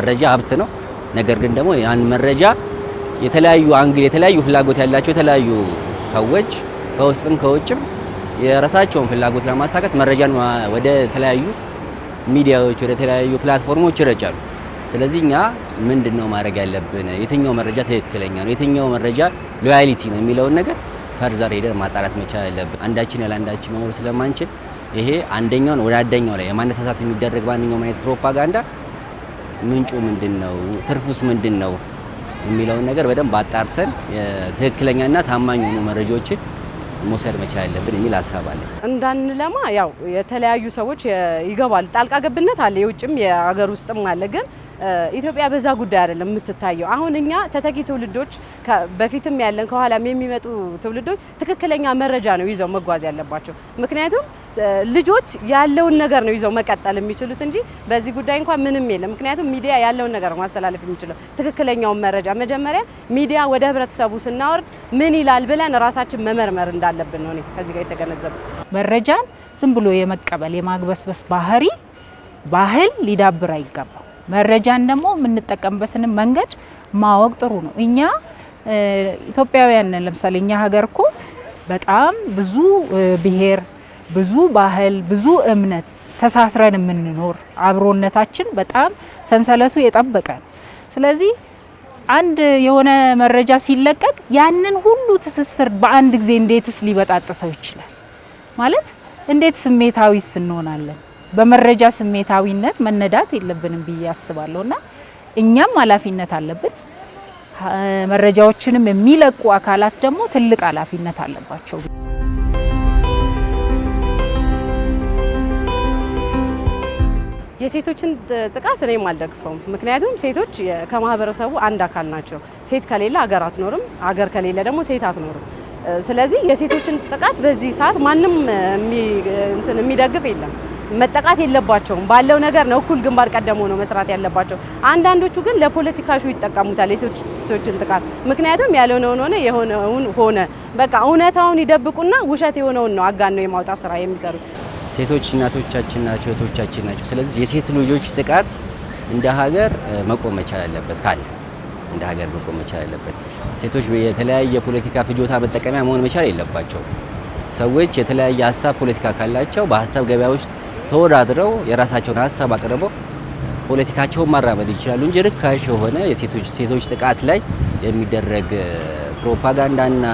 መረጃ ሀብት ነው። ነገር ግን ደግሞ ያን መረጃ የተለያዩ አንግል፣ የተለያዩ ፍላጎት ያላቸው የተለያዩ ሰዎች ከውስጥም ከውጭም የራሳቸውን ፍላጎት ለማሳካት መረጃን ወደ ተለያዩ ሚዲያዎች ወደ ተለያዩ ፕላትፎርሞች ይረጫሉ። ስለዚህ እኛ ምንድን ነው ማድረግ ያለብን? የትኛው መረጃ ትክክለኛ ነው፣ የትኛው መረጃ ሎያሊቲ ነው የሚለውን ነገር ፈርዘር ሄደን ማጣራት መቻል ያለብን። አንዳችን ያለ አንዳችን መኖር ስለማንችል ይሄ አንደኛውን ወደ አንደኛው ላይ የማነሳሳት የሚደረግ ማንኛውም አይነት ፕሮፓጋንዳ ምንጩ ምንድን ነው፣ ትርፉስ ምንድን ነው የሚለውን ነገር በደንብ አጣርተን ትክክለኛና ታማኝ የሆኑ መረጃዎችን መውሰድ መቻል ያለብን የሚል ሀሳብ አለ። እንዳንለማ ያው የተለያዩ ሰዎች ይገባሉ። ጣልቃ ገብነት አለ፣ የውጭም የሀገር ውስጥም አለ ግን ኢትዮጵያ በዛ ጉዳይ አይደለም የምትታየው። አሁን እኛ ተተኪ ትውልዶች በፊትም ያለን ከኋላም የሚመጡ ትውልዶች ትክክለኛ መረጃ ነው ይዘው መጓዝ ያለባቸው። ምክንያቱም ልጆች ያለውን ነገር ነው ይዘው መቀጠል የሚችሉት እንጂ በዚህ ጉዳይ እንኳን ምንም የለም። ምክንያቱም ሚዲያ ያለውን ነገር ነው ማስተላለፍ የሚችለው ትክክለኛውን መረጃ። መጀመሪያ ሚዲያ ወደ ህብረተሰቡ ስናወርድ ምን ይላል ብለን ራሳችን መመርመር እንዳለብን ነው ከዚህ ጋር የተገነዘበ መረጃን ዝም ብሎ የመቀበል የማግበስበስ ባህሪ ባህል ሊዳብር አይገባም። መረጃን ደግሞ የምንጠቀምበትን መንገድ ማወቅ ጥሩ ነው። እኛ ኢትዮጵያውያን ለምሳሌ እኛ ሀገር እኮ በጣም ብዙ ብሔር፣ ብዙ ባህል፣ ብዙ እምነት ተሳስረን የምንኖር አብሮነታችን በጣም ሰንሰለቱ የጠበቀ ነው። ስለዚህ አንድ የሆነ መረጃ ሲለቀቅ ያንን ሁሉ ትስስር በአንድ ጊዜ እንዴትስ ሊበጣጥሰው ይችላል? ማለት እንዴት ስሜታዊስ እንሆናለን? በመረጃ ስሜታዊነት መነዳት የለብንም ብዬ አስባለሁ እና እኛም ኃላፊነት አለብን። መረጃዎችንም የሚለቁ አካላት ደግሞ ትልቅ ኃላፊነት አለባቸው። የሴቶችን ጥቃት እኔም አልደግፈውም። ምክንያቱም ሴቶች ከማህበረሰቡ አንድ አካል ናቸው። ሴት ከሌለ ሀገር አትኖርም፣ አገር ከሌለ ደግሞ ሴት አትኖርም። ስለዚህ የሴቶችን ጥቃት በዚህ ሰዓት ማንም የሚደግፍ የለም። መጠቃት የለባቸውም። ባለው ነገር ነው እኩል ግንባር ቀደም ሆኖ መስራት ያለባቸው። አንዳንዶቹ ግን ለፖለቲካ ሹ ይጠቀሙታል የሴቶችን ጥቃት። ምክንያቱም ያልሆነውን ሆነ የሆነውን ሆነ በቃ እውነታውን ይደብቁና ውሸት የሆነውን ነው አጋነው የማውጣት ስራ የሚሰሩት። ሴቶች እናቶቻችን ናቸው፣ እህቶቻችን ናቸው። ስለዚህ የሴት ልጆች ጥቃት እንደ ሀገር መቆም መቻል አለበት ካለ እንደ ሀገር መቆም መቻል አለበት። ሴቶች የተለያየ ፖለቲካ ፍጆታ መጠቀሚያ መሆን መቻል የለባቸው። ሰዎች የተለያየ ሀሳብ ፖለቲካ ካላቸው በሀሳብ ገበያ ውስጥ ተወዳድረው የራሳቸውን ሀሳብ አቅርበው ፖለቲካቸውን ማራመድ ይችላሉ እንጂ ርካሽ የሆነ የሴቶች ጥቃት ላይ የሚደረግ ፕሮፓጋንዳና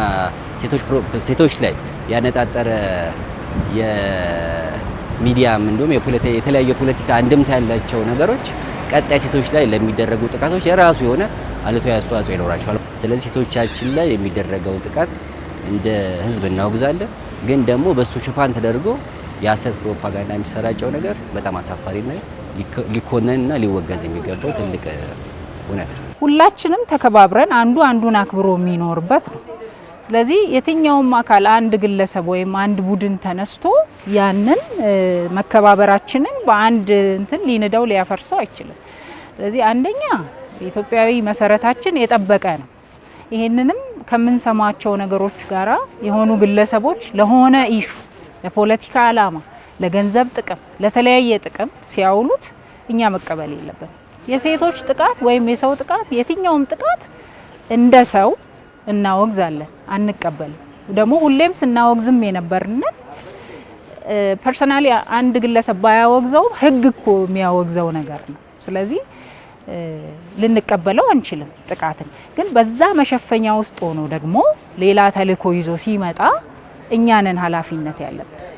ሴቶች ላይ ያነጣጠረ የሚዲያም እንዲሁም የተለያዩ የፖለቲካ አንድምታ ያላቸው ነገሮች ቀጣይ ሴቶች ላይ ለሚደረጉ ጥቃቶች የራሱ የሆነ አሉታዊ አስተዋጽኦ ይኖራቸዋል። ስለዚህ ሴቶቻችን ላይ የሚደረገው ጥቃት እንደ ሕዝብ እናወግዛለን። ግን ደግሞ በእሱ ሽፋን ተደርጎ የሀሰት ፕሮፓጋንዳ የሚሰራጨው ነገር በጣም አሳፋሪና ሊኮነንና ሊወገዝ የሚገባው ትልቅ እውነት ነው። ሁላችንም ተከባብረን አንዱ አንዱን አክብሮ የሚኖርበት ነው። ስለዚህ የትኛውም አካል አንድ ግለሰብ ወይም አንድ ቡድን ተነስቶ ያንን መከባበራችንን በአንድ እንትን ሊንደው ሊያፈርሰው አይችልም። ስለዚህ አንደኛ ኢትዮጵያዊ መሰረታችን የጠበቀ ነው። ይህንንም ከምንሰማቸው ነገሮች ጋራ የሆኑ ግለሰቦች ለሆነ ኢሹ ለፖለቲካ ዓላማ፣ ለገንዘብ ጥቅም፣ ለተለያየ ጥቅም ሲያውሉት እኛ መቀበል የለብን። የሴቶች ጥቃት ወይም የሰው ጥቃት የትኛውም ጥቃት እንደ ሰው እናወግዛለን፣ አንቀበልም። ደግሞ ሁሌም ስናወግዝም የነበርነት ፐርሰናሊ አንድ ግለሰብ ባያወግዘው ህግ እኮ የሚያወግዘው ነገር ነው። ስለዚህ ልንቀበለው አንችልም ጥቃትን። ግን በዛ መሸፈኛ ውስጥ ሆኖ ደግሞ ሌላ ተልዕኮ ይዞ ሲመጣ እኛ ነን ኃላፊነት ያለብን።